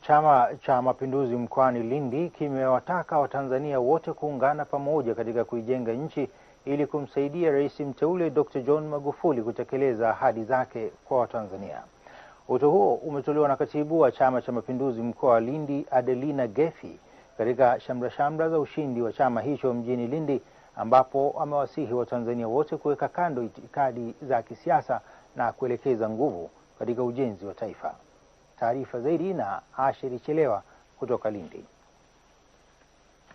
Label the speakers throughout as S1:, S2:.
S1: Chama cha Mapinduzi mkoani Lindi kimewataka Watanzania wote kuungana pamoja katika kuijenga nchi ili kumsaidia Rais mteule Dr. John Magufuli kutekeleza ahadi zake kwa Watanzania. Wito huo umetolewa na Katibu wa Chama cha Mapinduzi mkoa wa Lindi, Adelina Gefi, katika shamra shamra za ushindi wa chama hicho mjini Lindi, ambapo amewasihi Watanzania wote kuweka kando itikadi za kisiasa na kuelekeza nguvu katika ujenzi wa taifa taarifa zaidi na Ashiri Chelewa kutoka Lindi.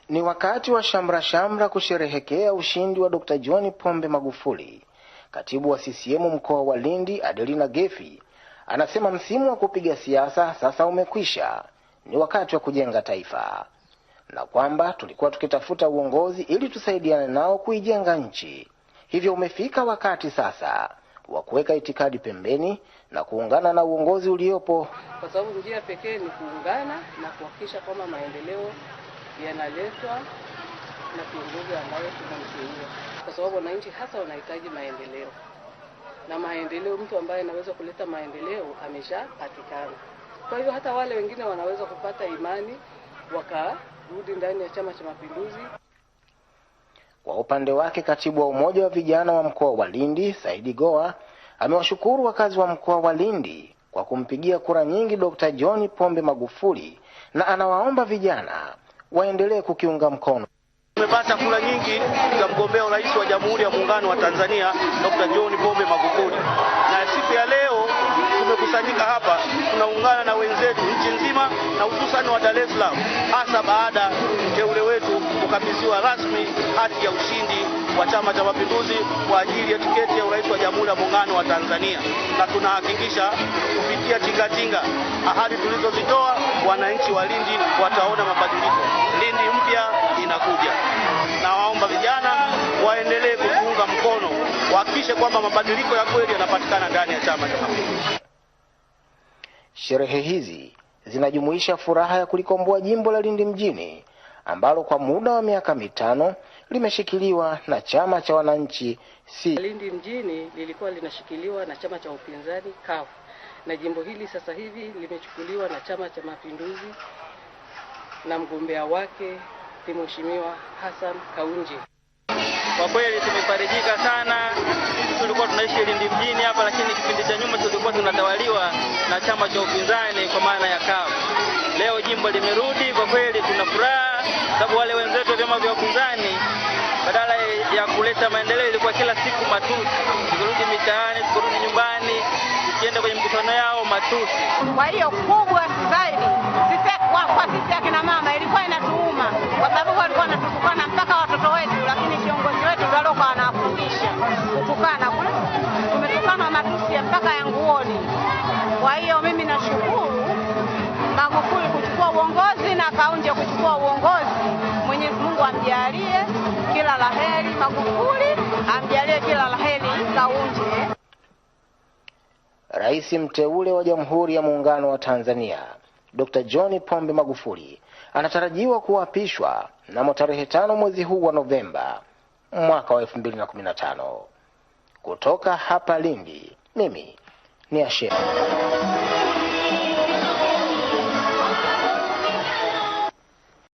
S2: Ni wakati wa shamra shamra kusherehekea ushindi wa Dr. John Pombe Magufuli. Katibu wa CCM mkoa wa Lindi, Adelina Gefi, anasema msimu wa kupiga siasa sasa umekwisha, ni wakati wa kujenga taifa, na kwamba tulikuwa tukitafuta uongozi ili tusaidiane nao kuijenga nchi, hivyo umefika wakati sasa wa kuweka itikadi pembeni na kuungana na uongozi uliopo,
S3: kwa sababu njia pekee ni kuungana na kuhakikisha kwamba maendeleo yanaletwa na kiongozi ambayo tunamteua, kwa sababu wananchi hasa wanahitaji maendeleo na maendeleo, mtu ambaye anaweza kuleta maendeleo ameshapatikana. Kwa hivyo hata wale wengine wanaweza kupata imani wakarudi ndani ya Chama cha Mapinduzi.
S2: Kwa upande wake, katibu wa umoja wa vijana wa mkoa wa Lindi Saidi Goa amewashukuru wakazi wa mkoa wa Lindi kwa kumpigia kura nyingi Dr. John Pombe Magufuli na anawaomba vijana waendelee kukiunga mkono.
S4: Tumepata kura nyingi za mgombea urais wa Jamhuri ya Muungano wa Tanzania Dr. John Pombe Magufuli, na siku ya leo tumekusanyika hapa, tunaungana na wenzetu nchi nzima na hususani wa Dar es Salaam, hasa baada ya kukabidhiwa rasmi hati ya ushindi wa Chama cha Mapinduzi kwa ajili ya tiketi ya urais wa Jamhuri ya Muungano wa Tanzania, na tunahakikisha kupitia tingatinga ahadi tulizozitoa, wananchi wa Lindi wataona mabadiliko. Lindi mpya inakuja. Nawaomba vijana waendelee kuunga mkono, wahakikishe kwamba mabadiliko ya kweli yanapatikana ndani ya Chama cha Mapinduzi.
S2: Sherehe hizi zinajumuisha furaha ya kulikomboa jimbo la Lindi mjini ambalo kwa muda wa miaka mitano limeshikiliwa na chama cha wananchi si.
S3: Lindi mjini lilikuwa linashikiliwa na chama cha upinzani kafu, na jimbo hili sasa hivi limechukuliwa na chama cha mapinduzi na mgombea wake ni mheshimiwa Hassan Kaunje.
S5: Kwa kweli tumefarijika sana. Tulikuwa tunaishi Lindi mjini hapa, lakini kipindi cha nyuma tulikuwa tunatawaliwa na chama cha upinzani kwa maana sababu wale wenzetu wa vyama vya upinzani badala ya kuleta maendeleo ilikuwa kila siku matusi, tukirudi mitaani, tukirudi nyumbani, ukienda kwenye mikutano yao matusi.
S6: Kwa hiyo kubwa zaidi sisi kwa, kwa sisi akina mama ilikuwa inatuuma kwa sababu walikuwa wanatukana mpaka watoto wetu, lakini kiongozi wetu ndio alikuwa anawafundisha kutukana kule, tumetukana matusi mpaka ya nguoni. Kwa hiyo mimi nashukuru Magufuli kuchukua uongozi na Kaunje kuchukua uongozi. Mungu amjalie kila laheri Magufuli, amjalie kila laheri Kaunje.
S2: Rais mteule wa Jamhuri ya Muungano wa Tanzania Dr. John Pombe Magufuli anatarajiwa kuapishwa mnamo tarehe tano mwezi huu wa Novemba mwaka wa elfu mbili na kumi na tano. Kutoka hapa Lindi, mimi ni Ashera.